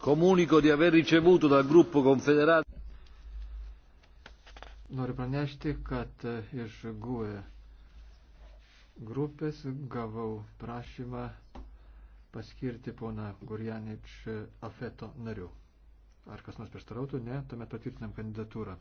Komuniko di aver ricevuto dal gruppo confederato. Noriu pranešti, kad e, iš GUE grupės gavau prašymą paskirti poną Gurjanič e, Afeto nariu. Ar kas nors prieštarautų? Ne, tuomet patvirtinam kandidatūrą.